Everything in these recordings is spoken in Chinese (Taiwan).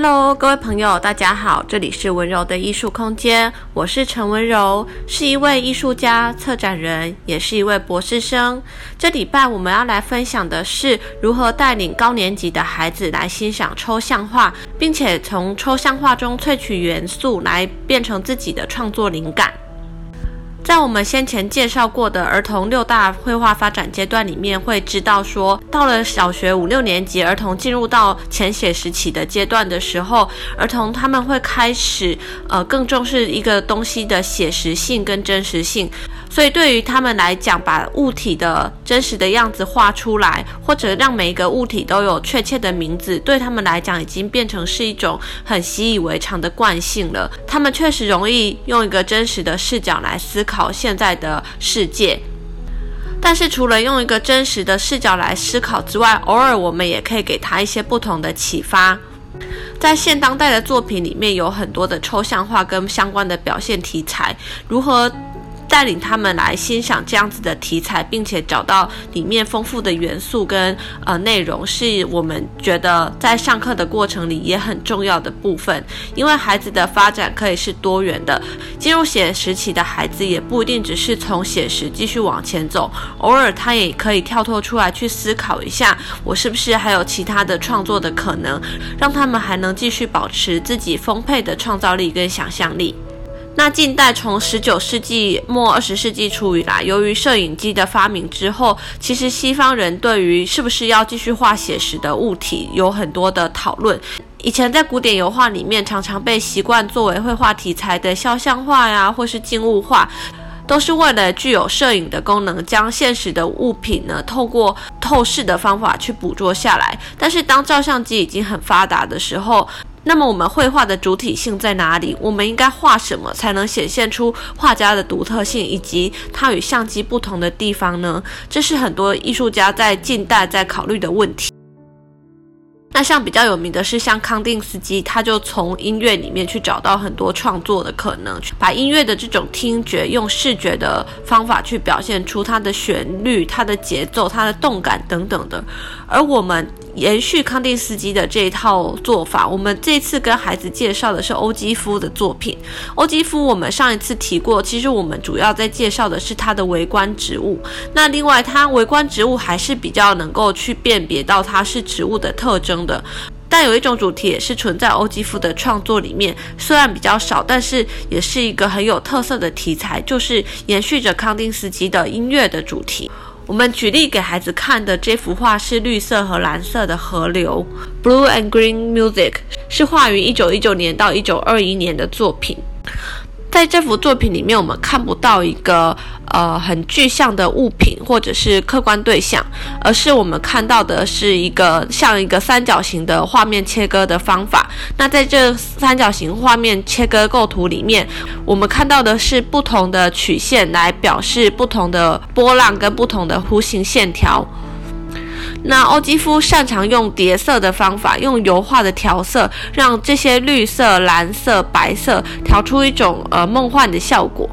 Hello，各位朋友，大家好，這裡是文柔的藝術空間，我是陳文柔，是一位藝術家、策展人，也是一位博士生。這禮拜我們要來分享的是如何帶領高年級的孩子來欣賞抽象畫，並且從抽象畫中萃取元素來變成自己的創作靈感。在我們先前介紹過的兒童六大繪畫發展階段裡面，會知道說，到了小學五六年級，兒童進入到前寫實期的階段的時候，兒童他們會開始呃更重視一個東西的寫實性跟真實性。所以對於他們來講，把物體的真實的樣子畫出來，或者讓每一個物體都有確切的名字，對他們來講已經變成是一種很習以為常的慣性了。他們確實容易用一個真實的視角來思考。好現在的世界，但是除了用一個真實的視角來思考之外，偶爾我們也可以給他一些不同的啟發。在現當代的作品裡面，有很多的抽象畫跟相關的表現題材，如何帶領他們來欣賞這樣子的題材，並且找到裡面豐富的元素跟呃內容，是我們覺得在上課的過程裡也很重要的部分。因為孩子的發展可以是多元的，進入寫實期的孩子也不一定只是從寫實繼續往前走，偶爾他也可以跳脫出來去思考一下，我是不是還有其他的創作的可能，讓他們還能繼續保持自己豐沛的創造力跟想象力。那近代，從十九世紀末二十世紀初以來，由於攝影機的發明之後，其實西方人對於是不是要繼續畫寫實的物體有很多的討論。以前在古典油畫裡面，常常被習慣作為繪畫題材的肖像畫呀、啊，或是靜物畫，都是為了具有攝影的功能，將現實的物品呢，透過透視的方法去捕捉下來。但是當照相機已經很發達的時候，那麼我們繪畫的主體性在哪裡？我們應該畫什麼才能顯現出畫家的獨特性以及它與相機不同的地方呢？這是很多藝術家在近代在考慮的問題。那像比較有名的是像康定斯基，他就從音樂裡面去找到很多創作的可能，把音樂的這種聽覺用視覺的方法去表現出它的旋律、它的節奏、它的動感等等的。而我們。延續康定斯基的這一套做法，我們這次跟孩子介紹的是歐姬芙的作品。歐姬芙我們上一次提過，其實我們主要在介紹的是他的微觀植物。那另外，他微觀植物還是比較能夠去辨別到它是植物的特徵的。但有一種主題也是存在歐姬芙的創作裡面，雖然比較少，但是也是一個很有特色的題材，就是延續着康定斯基的音樂的主題。我們舉例給孩子看的這幅畫是綠色和藍色的河流，Blue and Green Music 是畫於一九一九年到一九二一年的作品。在這幅作品裡面，我們看不到一個呃很具象的物品或者是客觀對象，而是我們看到的是一個像一個三角形的畫面切割的方法。那在這三角形畫面切割構圖裡面，我們看到的是不同的曲線來表示不同的波浪跟不同的弧形線條。那歐基夫擅長用疊色的方法，用油畫的調色，讓這些綠色、藍色、白色調出一種呃夢幻的效果。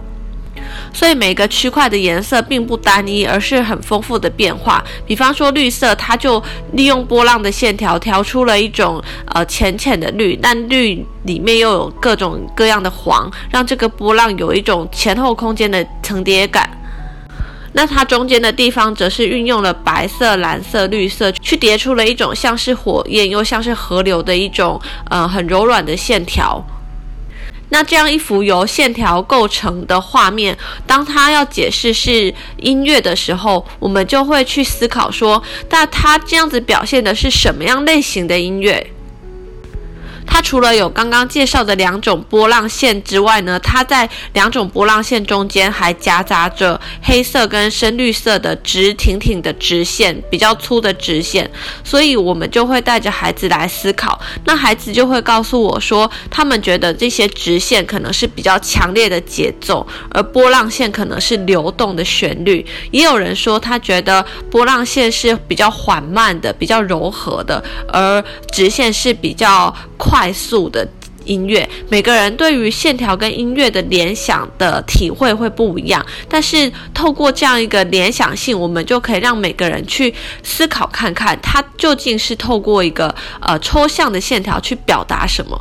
所以每個區塊的顏色並不單一，而是很豐富的變化。比方說綠色，它就利用波浪的線條調出了一種呃淺淺的綠，但綠裡面又有各種各樣的黃，讓這個波浪有一種前後空間的層疊感。那它中間的地方則是運用了白色、藍色、綠色去疊出了一種像是火焰又像是河流的一種，呃，很柔軟的線條。那這樣一幅由線條構成的畫面，當它要解釋是音樂的時候，我們就會去思考說，那它這樣子表現的是什麼樣類型的音樂？它除了有剛剛介紹的兩種波浪線之外呢，它在兩種波浪線中間還夾雜着黑色跟深綠色的直挺挺的直線，比較粗的直線。所以我們就會帶着孩子來思考，那孩子就會告訴我說，他們覺得這些直線可能是比較強烈的節奏，而波浪線可能是流動的旋律。也有人說他覺得波浪線是比較緩慢的、比較柔和的，而直線是比較快。快速的音樂。每個人對於線條跟音樂的聯想的體會會不一樣，但是透過這樣一個聯想性，我們就可以讓每個人去思考看看，它究竟是透過一個呃抽象的線條去表達什麼。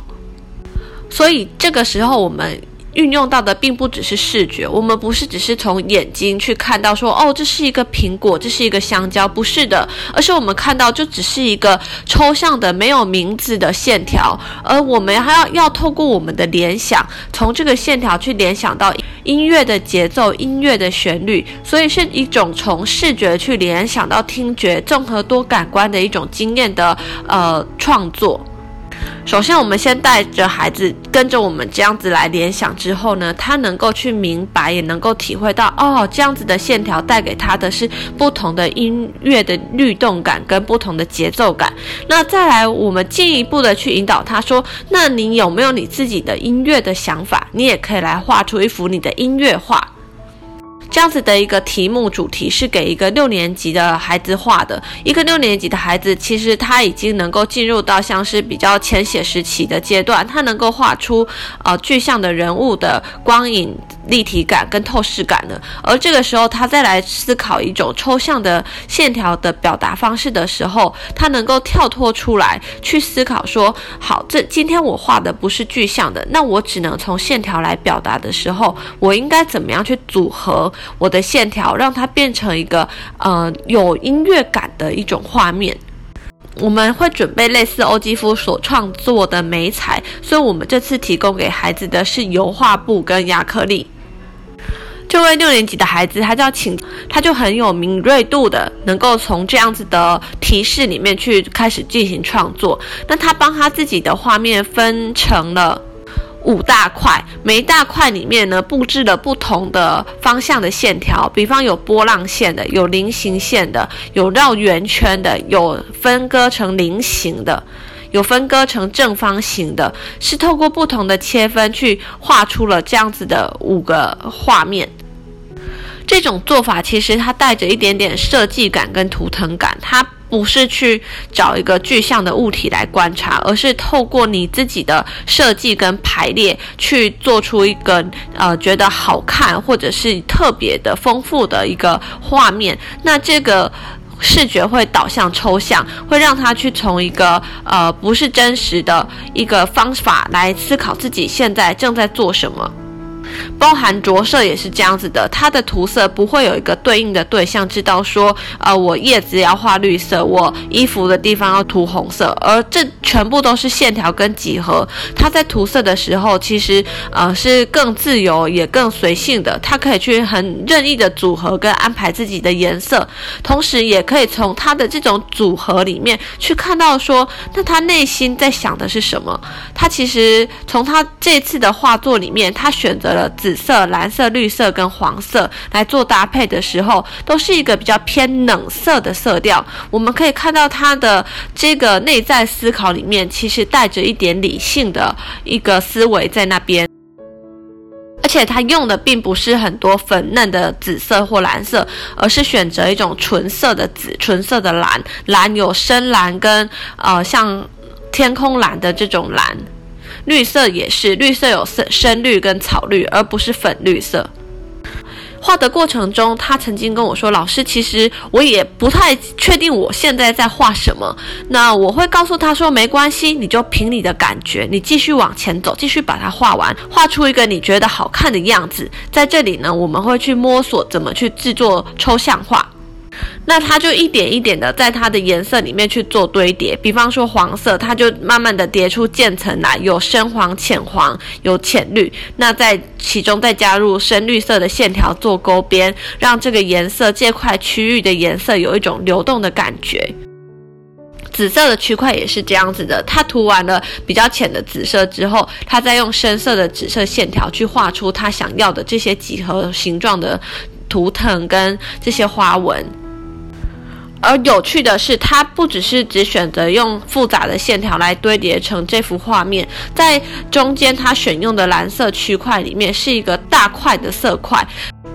所以這個時候我們。運用到的並不只是視覺，我們不是只是從眼睛去看到說，哦，這是一個蘋果，這是一個香蕉，不是的，而是我們看到就只是一個抽象的沒有名字的線條，而我們還要要透過我們的聯想，從這個線條去聯想到音樂的節奏、音樂的旋律，所以是一種從視覺去聯想到聽覺，綜合多感官的一種經驗的呃創作。首先，我們先帶着孩子跟着我們這樣子來聯想，之後呢，他能夠去明白，也能夠體會到哦，這樣子的線條帶給他的是不同的音樂的律動感跟不同的節奏感。那再來，我們進一步的去引導他，說，那你有沒有你自己的音樂的想法？你也可以來畫出一幅你的音樂畫。這樣子的一個題目主題是給一個六年級的孩子畫的。一個六年級的孩子，其實他已經能夠進入到像是比較前寫實期的階段，他能夠畫出呃具象的人物的光影。立體感跟透視感呢，而這個時候他再來思考一種抽象的線條的表達方式的時候，他能夠跳脫出來去思考說，好，這今天我畫的不是具象的，那我只能從線條來表達的時候，我應該怎麼樣去組合我的線條，讓它變成一個呃有音樂感的一種畫面。我們會準備類似歐姬芙所創作的媒材，所以我們這次提供給孩子的是油畫布跟亞克力。這位六年級的孩子，他叫請，他就很有敏銳度的，能夠從這樣子的提示裡面去開始進行創作。那他幫他自己的畫面分成了五大塊，每一大塊裡面呢，佈置了不同的方向的線條，比方有波浪線的，有菱形線的，有繞圓圈的，有分割成菱形的。有分割成正方形的，是透過不同的切分去畫出了這樣子的五個畫面。這種做法其實它帶着一點點設計感跟圖騰感，它不是去找一個具象的物體來觀察，而是透過你自己的設計跟排列去做出一個呃覺得好看或者是特別的豐富的一個畫面。那這個。視覺會導向抽象，會讓他去從一個，呃，不是真實的一個方法來思考自己現在正在做什麼。包含着色也是這樣子的，它的塗色不會有一個對應的對象。知道說，呃，我葉子要畫綠色，我衣服的地方要塗紅色，而這全部都是線條跟幾何。它在塗色的時候，其實呃是更自由也更隨性的，他可以去很任意的組合跟安排自己的顏色，同時也可以從他的這種組合裡面去看到說，那他內心在想的是什麼？他其實從他這次的畫作裡面，他選擇了。紫色、藍色、綠色跟黃色來做搭配的時候，都是一個比較偏冷色的色調。我們可以看到它的這個內在思考裡面，其實帶着一點理性的一個思維在那邊。而且他用的並不是很多粉嫩的紫色或藍色，而是選擇一種純色的紫、純色的藍。藍有深藍跟，呃，像天空藍的這種藍。綠色也是，綠色有深深綠跟草綠，而不是粉綠色。畫的過程中，他曾經跟我說：“老師，其實我也不太確定我現在在畫什麼。”那我會告訴他說：“沒關係，你就憑你的感覺，你繼續往前走，繼續把它畫完，畫出一個你覺得好看的樣子。”在這裡呢，我們會去摸索怎麼去制作抽象畫。那它就一點一點的在它的顏色裡面去做堆疊，比方說黃色，它就慢慢的疊出漸層來，有深黃、淺黃，有淺綠。那在其中再加入深綠色的線條做勾邊，讓這個顏色、這塊區域的顏色有一種流動的感覺。紫色的區塊也是這樣子的，它塗完了比較淺的紫色之後，它再用深色的紫色線條去畫出它想要的這些幾何形狀的圖騰跟這些花紋。而有趣的是，它不只是只選擇用複雜的線條來堆疊成這幅畫面，在中間它選用的藍色區塊裡面是一個大塊的色塊，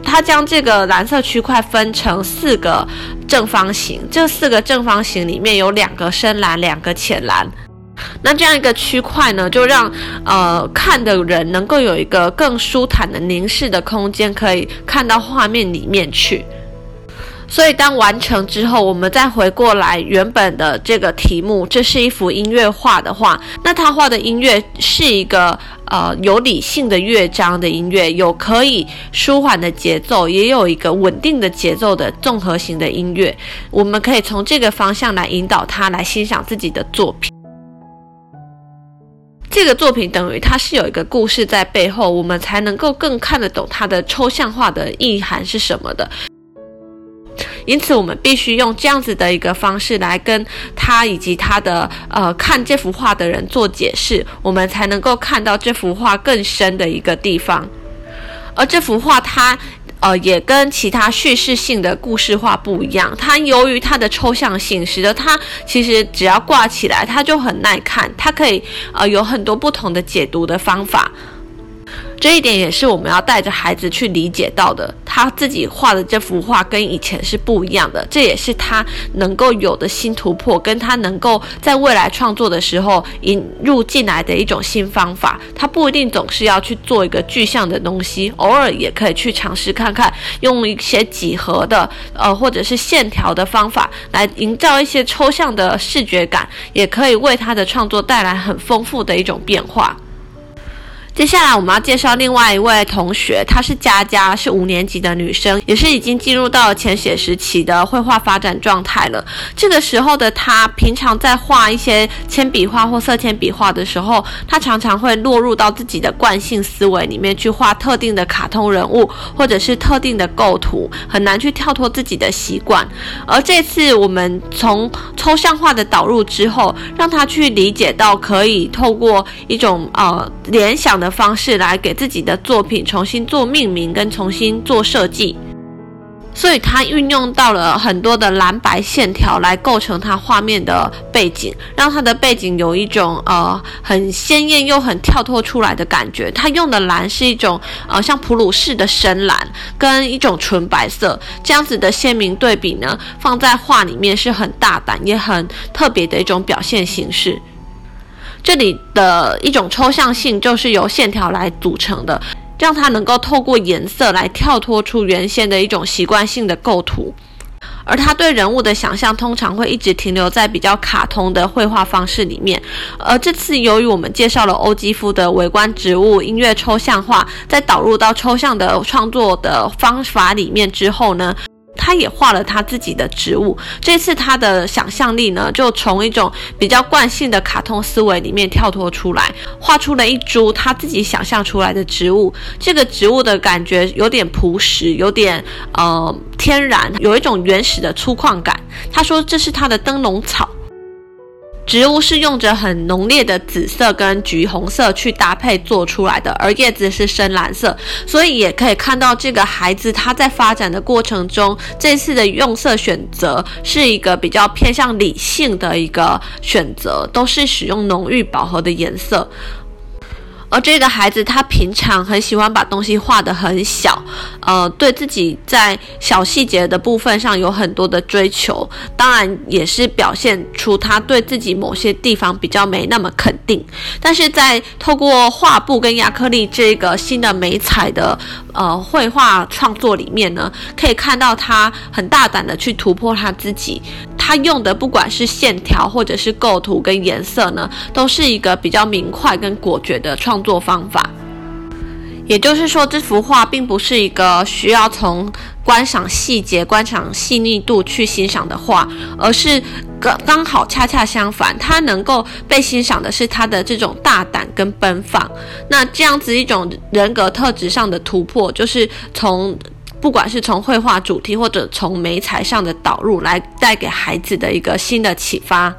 它將這個藍色區塊分成四個正方形，這四個正方形裡面有兩個深藍，兩個淺藍，那這樣一個區塊呢，就讓呃看的人能夠有一個更舒坦的凝視的空間，可以看到畫面裡面去。所以，當完成之後，我們再回過來原本的這個題目，這是一幅音樂畫的話，那他畫的音樂是一個呃有理性的樂章的音樂，有可以舒緩的節奏，也有一個穩定的節奏的綜合型的音樂。我們可以從這個方向來引導他來欣賞自己的作品。這個作品等於它是有一個故事在背後，我們才能夠更看得懂它的抽象畫的意涵是什麼的。因此，我們必須用這樣子的一個方式來跟他以及他的呃看這幅畫的人做解釋，我們才能夠看到這幅畫更深的一個地方。而這幅畫它，它呃也跟其他敘事性的故事畫不一樣，它由於它的抽象性，使得它其實只要掛起來，它就很耐看，它可以呃有很多不同的解讀的方法。這一點也是我們要帶着孩子去理解到的，他自己畫的這幅畫跟以前是不一樣的，這也是他能夠有的新突破，跟他能夠在未來創作的時候引入進來的一種新方法。他不一定總是要去做一個具象的東西，偶爾也可以去嘗試看看，用一些幾何的，呃，或者是線條的方法來營造一些抽象的視覺感，也可以為他的創作帶來很豐富的一種變化。接下來我們要介紹另外一位同學，她是佳佳，是五年級的女生，也是已經進入到了前寫時期的繪畫發展狀態了。這個時候的她，平常在畫一些鉛筆畫或色鉛筆畫的時候，她常常會落入到自己的慣性思維裡面去畫特定的卡通人物或者是特定的構圖，很難去跳脫自己的習慣。而這次我們從抽象畫的導入之後，讓他去理解到可以透過一種呃聯想的。方式來給自己的作品重新做命名跟重新做設計，所以他運用到了很多的藍白線條來構成他畫面的背景，讓他的背景有一種呃很鮮豔又很跳脫出來的感覺。他用的藍是一種呃像普魯士的深藍跟一種純白色這樣子的鮮明對比呢，放在畫裡面是很大膽也很特別的一種表現形式。這裡的一種抽象性就是由線條來組成的，讓它能夠透過顏色來跳脫出原先的一種習慣性的構圖，而他對人物的想象通常會一直停留在比較卡通的繪畫方式裡面，而這次由於我們介紹了歐基夫的微觀植物音樂抽象畫，在導入到抽象的創作的方法裡面之後呢，他也畫了他自己的植物，這次他的想象力呢，就從一種比較慣性的卡通思維裡面跳脫出來，畫出了一株他自己想象出來的植物。這個植物的感覺有點樸實，有點呃天然，有一種原始的粗獷感。他說這是他的燈籠草。植物是用着很濃烈的紫色跟橘紅色去搭配做出來的，而葉子是深藍色，所以也可以看到這個孩子他在發展的過程中，這次的用色選擇是一個比較偏向理性的一個選擇，都是使用濃郁飽和的顏色。而這個孩子，他平常很喜歡把東西畫得很小，呃，對自己在小細節的部分上有很多的追求，當然也是表現出他對自己某些地方比較沒那麼肯定。但是在透過畫布跟亞克力這個新的媒材的呃繪畫創作裡面呢，可以看到他很大膽地去突破他自己。他用的不管是線條或者是構圖跟顏色呢，都是一個比較明快跟果決的創作方法。也就是說，這幅畫並不是一個需要從觀賞細節、觀賞細膩度去欣賞的畫，而是剛剛好恰恰相反，他能夠被欣賞的是他的這種大膽跟奔放。那這樣子一種人格特質上的突破，就是從。不管是從繪畫主題，或者從媒材上的導入，來帶給孩子的一個新的啟發。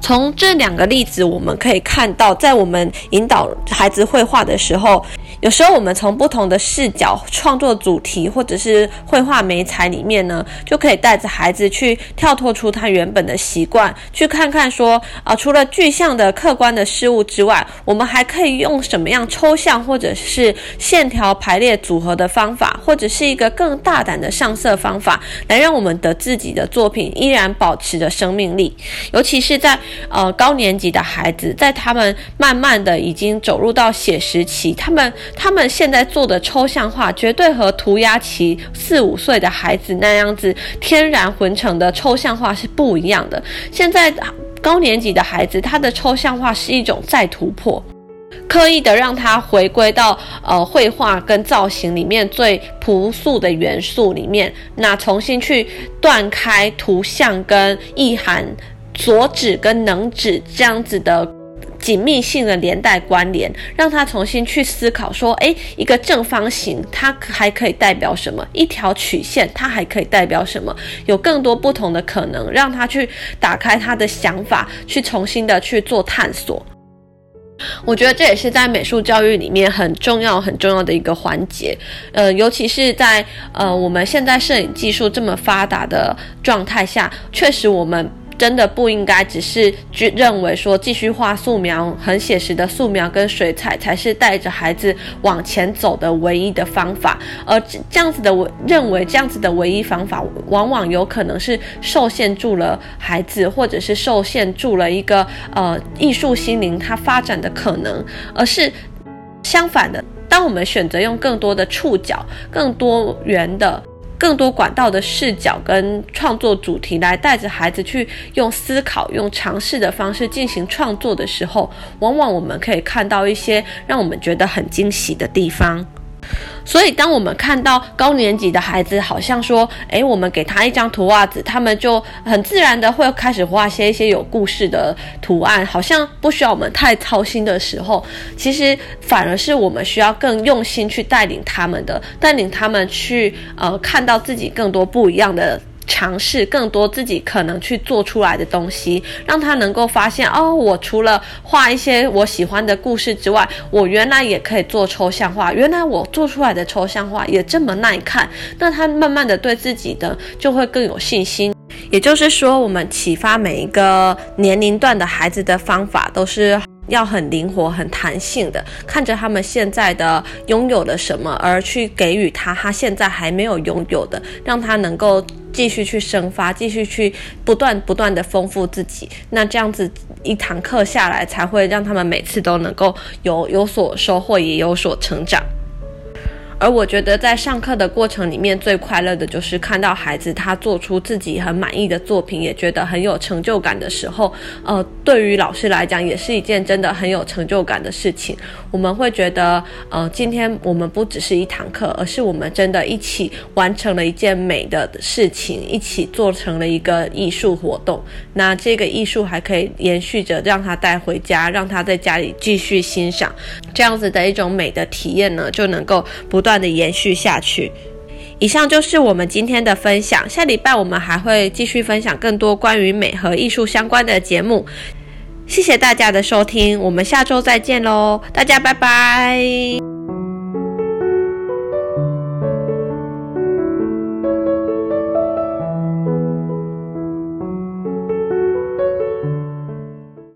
從這兩個例子，我們可以看到，在我們引導孩子繪畫的時候。有時候我們從不同的視角創作主題，或者是繪畫媒材裡面呢，就可以帶着孩子去跳脫出他原本的習慣，去看看說啊、呃，除了具象的客觀的事物之外，我們還可以用什麼樣抽象或者是線條排列組合的方法，或者是一個更大膽的上色方法，來讓我們的自己的作品依然保持着生命力。尤其是在呃高年級的孩子，在他們慢慢的已經走入到寫實期，他們。他們現在做的抽象畫，絕對和塗鴉期四五歲的孩子那樣子天然混成的抽象畫是不一樣的。現在高年級的孩子，他的抽象畫是一種再突破，刻意的讓他回歸到呃繪畫跟造型裡面最樸素的元素裡面，那重新去斷開圖像跟意涵、所指跟能指這樣子的。緊密性的連帶關聯，讓他重新去思考說，誒、欸，一個正方形它還可以代表什麼？一條曲線它還可以代表什麼？有更多不同的可能，讓他去打開他的想法，去重新的去做探索。我覺得這也是在美術教育裡面很重要很重要的一個環節，呃，尤其是在呃我們現在攝影技術這麼發達的狀態下，確實我們。真的不應該只是去認為說繼續畫素描，很寫實的素描跟水彩才是帶着孩子往前走的唯一的方法，而這這樣子的我認為這樣子的唯一方法，往往有可能是受限住了孩子，或者是受限住了一個呃藝術心靈它發展的可能，而是相反的，當我們選擇用更多的觸角、更多元的。更多管道的視角跟創作主題來帶着孩子去用思考，用嘗試的方式進行創作的時候，往往我們可以看到一些讓我們覺得很驚喜的地方。所以，當我們看到高年級的孩子好像說：“誒，我們給他一張圖襪子，他們就很自然的會開始畫些一些有故事的圖案，好像不需要我們太操心的時候，其實反而是我們需要更用心去帶領他們的，帶領他們去，呃，看到自己更多不一樣的。”嘗試更多自己可能去做出來的東西，讓他能夠發現哦，我除了畫一些我喜歡的故事之外，我原來也可以做抽象畫，原來我做出來的抽象畫也這麼耐看。那他慢慢的對自己的就會更有信心。也就是說，我們啟發每一個年齡段的孩子的方法都是，要很靈活、很彈性的，看着他們現在的擁有了什麼，而去給予他他現在還沒有擁有的，讓他能夠繼續去生發，繼續去不斷不斷的豐富自己。那這樣子一堂課下來，才會讓他們每次都能夠有有所收穫，也有所成長。而我覺得，在上課的過程裡面，最快樂的就是看到孩子他做出自己很滿意的作品，也覺得很有成就感的時候。呃，對於老師來講，也是一件真的很有成就感的事情。我們會覺得，呃，今天我們不只是一堂課，而是我們真的一起完成了一件美的事情，一起做成了一個藝術活動。那這個藝術還可以延續着，讓他帶回家，讓他在家裡繼續欣賞。這樣子的一種美的體驗呢，就能夠不斷。不斷的延續下去。以上就是我們今天的分享，下禮拜我們還會繼續分享更多關於美和藝術相關的節目。謝謝大家的收聽，我們下周再見嘍，大家拜拜。